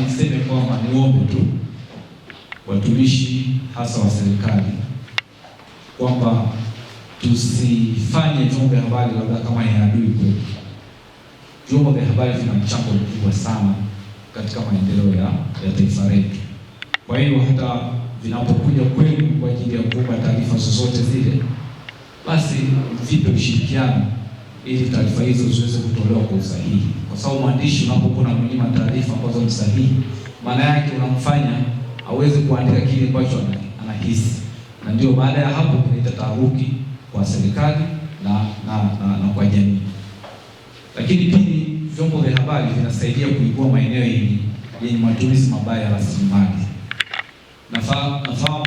niseme kwamba niombe tu watumishi hasa wa serikali kwamba tusifanye vyombo vya habari labda kama ni adui kwetu. Vyombo vya habari vina mchango mkubwa sana katika maendeleo ya, ya taifa letu. Kwa hiyo hata vinapokuja kwenu kwa ajili ya kuomba taarifa zozote zile, basi vipe ushirikiano ili taarifa hizo ziweze kutolewa kwa usahihi, kwa sababu mwandishi unapokuwa na mlima taarifa ambazo ni sahihi, maana yake unamfanya aweze kuandika kile ambacho anahisi, na ndio baada ya hapo kuleta taharuki kwa serikali na na, na, na kwa jamii. Lakini pili, vyombo vya habari vinasaidia kuibua maeneo yenye yenye matumizi mabaya ya rasilimali. Nafahamu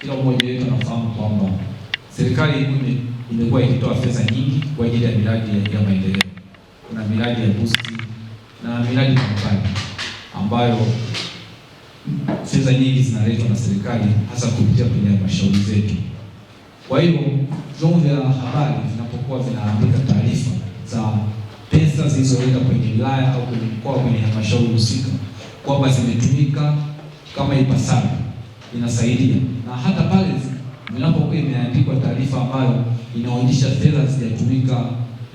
kila mmoja wetu anafahamu kwamba serikali imekuwa ikitoa fedha nyingi kwa ajili ya miradi ya maendeleo. Kuna miradi ya busti na miradi mbalimbali ambayo fedha nyingi zinaletwa na serikali hasa kupitia kwenye halmashauri zetu. Kwa hiyo vyombo vya habari vinapokuwa vinaandika taarifa za pesa zilizoenda kwenye wilaya au kwenye mkoa, kwenye halmashauri husika, kwamba zimetumika kama ipasavyo, inasaidia na hata pale inapokuwa imeandikwa taarifa ambayo inaonyesha fedha zijatumika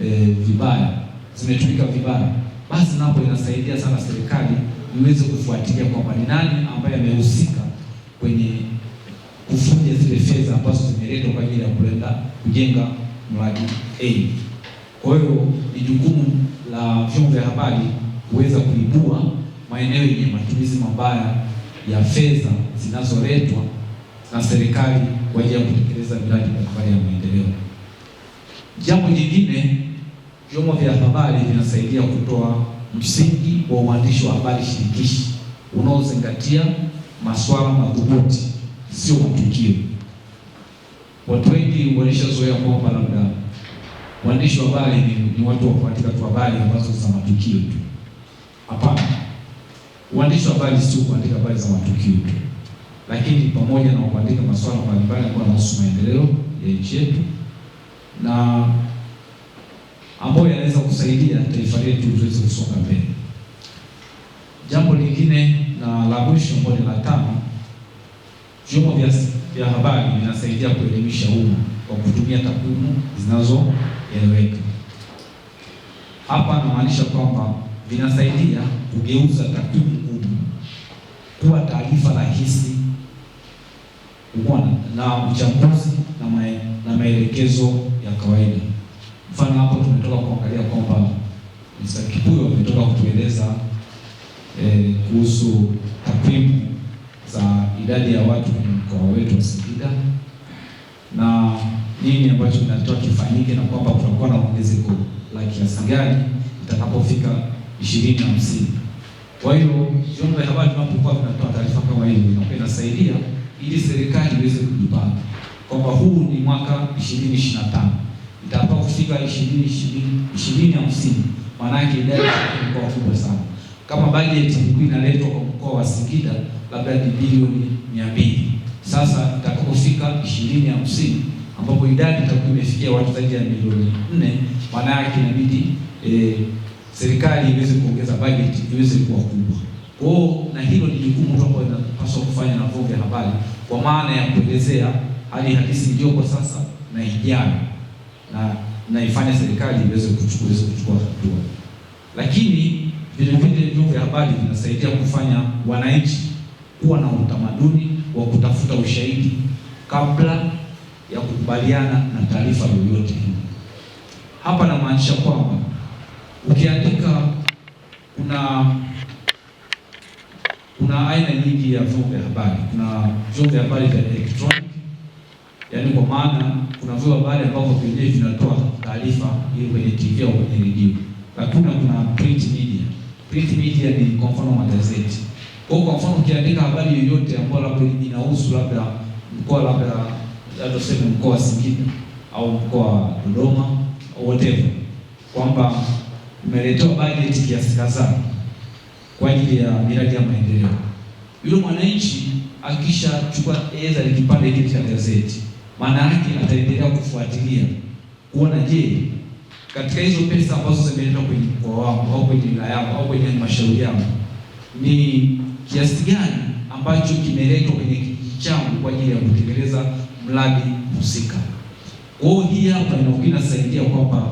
e, vibaya, zimetumika vibaya, basi napo inasaidia sana serikali iweze kufuatilia kwamba ni nani ambaye amehusika kwenye kufunja zile fedha ambazo zimeletwa kwa ajili ya kuenda kujenga mradi A. Kwa hiyo ni jukumu la vyombo vya habari kuweza kuibua maeneo yenye matumizi mabaya ya fedha zinazoletwa na serikali kwa ajili ya kutekeleza miradi mbalimbali ya maendeleo. Jambo jingine, vyombo vya habari vinasaidia kutoa msingi wa uandishi wa habari shirikishi unaozingatia masuala madhubuti, sio matukio. Watu wengi walishazoea kwamba labda waandishi wa habari ni, ni watu wa kuandika tu habari ambazo za matukio tu. Hapana, uandishi wa habari sio kuandika habari za matukio tu lakini pamoja na kuandika masuala mbalimbali ambayo yanahusu maendeleo ya nchi yetu na ambayo yanaweza kusaidia taifa letu tuweze kusonga mbele. Jambo lingine na la mwisho ambalo ni la tano, vyombo vya, vya habari vinasaidia kuelimisha umma kwa kutumia takwimu zinazoeleweka. Hapa namaanisha kwamba vinasaidia kugeuza takwimu ngumu kuwa taarifa rahisi na uchambuzi na, mae, na maelekezo ya kawaida. Mfano hapo tumetoka kuangalia kwamba Mr. Kipuyo ametoka kutueleza eh, kuhusu takwimu za idadi ya watu kwenye mkoa wetu wa Singida na nini ambacho kinatakiwa kifanyike na kwamba kutakuwa na ongezeko la kiasi gani itakapofika ishirini na hamsini. Kwa hiyo vyombo vya habari tunapokuwa tunatoa taarifa kama hiyo inakuwa inasaidia ili serikali iweze kujipanga kwamba huu ni mwaka 2025 itapaa kufika 2020 20 50 maanake idadi imekuwa kubwa sana. Kama budget ilikuwa inaletwa kwa mkoa wa Singida labda ni bilioni 200, sasa itakapofika 20 50 ambapo idadi itakuwa imefikia watu zaidi ya milioni 4, maana yake inabidi eh, serikali iweze kuongeza budget iweze kuwa kubwa. Kwa hiyo na hilo ni jukumu tu ambalo inapaswa kufanya na vyombo vya habari, kwa maana ya kuelezea hali halisi iliyoko sasa na ijayo, na naifanya serikali iweze kuchukua kuchukua hatua. Lakini vile vile vyombo vya habari vinasaidia kufanya wananchi kuwa na utamaduni wa kutafuta ushahidi kabla ya kukubaliana na taarifa yoyote. Hapa namaanisha kwamba ukiandika kuna kuna aina nyingi ya vyombo vya habari. Kuna vyombo vya habari vya electronic, yaani kwa maana kuna vyombo vya habari ambavyo vyenyewe vinatoa taarifa ili kwenye TV au kwenye redio, lakini kuna print media. Print media ni kwa mfano magazeti. Kwa kwa mfano ukiandika habari yoyote ambayo labda inahusu labda mkoa labda labda sema mkoa Singida au mkoa wa Dodoma au whatever, kwamba umeletewa bajeti kiasi kadhaa kwa ajili ya miradi ya maendeleo yule mwananchi akisha aidha ni kipande hiki cha gazeti, maana yake ataendelea kufuatilia kuona, je, katika hizo pesa ambazo zimeenda kwenye mkoa wako au kwenye wilaya yako au kwenye halmashauri yako ni kiasi gani ambacho kimeletwa kwenye kijiji changu kwa ajili ya kutekeleza mradi husika. Kwa hiyo hii hapa inakuwa inasaidia kwamba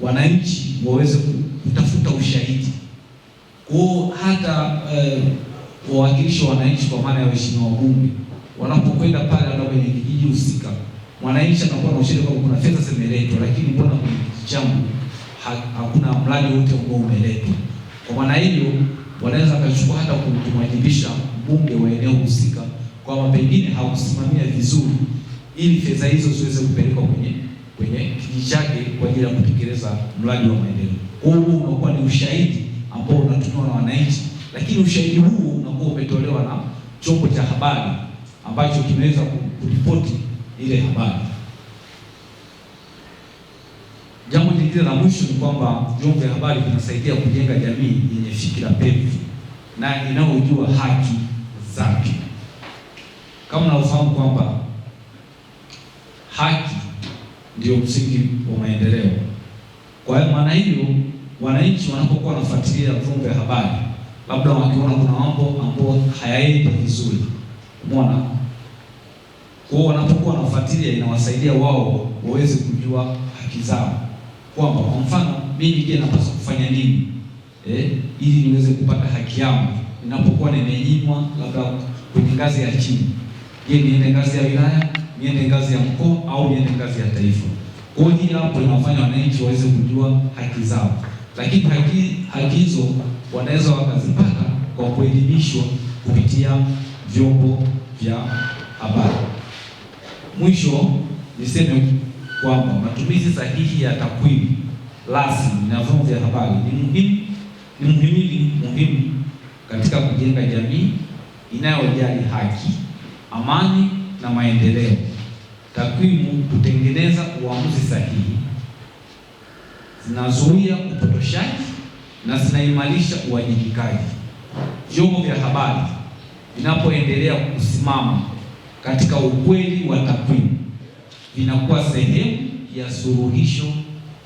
wananchi waweze kutafuta ushahidi. Kwa hata eh, kuwawakilisha wananchi kwa maana ya waheshimiwa wabunge wanapokwenda pale labda kwenye kijiji husika, mwananchi anakuwa na ushirika kwamba kuna fedha zimeletwa, lakini mbona kwenye kijiji changu hakuna mradi wote ambao umeletwa. Kwa maana hiyo, wanaweza wakachukua hata kumwajibisha mbunge wa eneo husika kwamba pengine hakusimamia vizuri, ili fedha hizo ziweze kupelekwa kwenye kwenye kijiji chake kwa ajili ya kutekeleza mradi wa maendeleo. Huu unakuwa ni ushahidi ambao unatumiwa na wananchi lakini ushahidi huu unakuwa umetolewa na chombo cha habari ambacho kimeweza kuripoti ile habari. Jambo jingine la mwisho ni kwamba vyombo vya habari vinasaidia kujenga jamii yenye fikira pevu na inayojua haki zake. Kama unavyofahamu kwamba haki ndio msingi wa maendeleo. Kwa maana hiyo, wananchi wanapokuwa wanafuatilia vyombo vya habari labda wakiona kuna mambo ambayo hayaendi vizuri, umeona. Kwa wanapokuwa wanafuatilia, inawasaidia wao waweze kujua haki zao, kwamba kwa mfano mimi je, napaswa kufanya nini eh, ili niweze kupata haki yangu ninapokuwa nimenyimwa, labda kwenye ngazi ya chini. Je, niende ngazi ya wilaya, niende ngazi ya mkoa, au niende ngazi ya taifa? Kwa hiyo hapo inafanya wananchi waweze kujua haki zao, lakini haki hizo wanaweza wakazipata kwa kuelimishwa kupitia vyombo vya habari. Mwisho niseme kwamba matumizi sahihi ya takwimu rasmi na vyombo vya habari ni muhimu ni mhimili muhimu katika kujenga jamii inayojali haki, amani na maendeleo. Takwimu hutengeneza uamuzi sahihi, zinazuia upotoshaji na zinaimarisha uwajibikaji. Vyombo vya habari vinapoendelea kusimama katika ukweli wa takwimu, vinakuwa sehemu ya suluhisho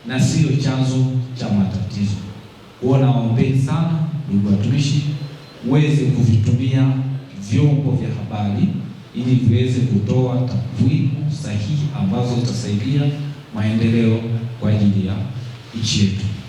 na siyo chanzo cha matatizo. Huwa nawaombeni sana ndugu watumishi, uweze kuvitumia vyombo vya habari ili viweze kutoa takwimu sahihi ambazo zitasaidia maendeleo kwa ajili ya nchi yetu.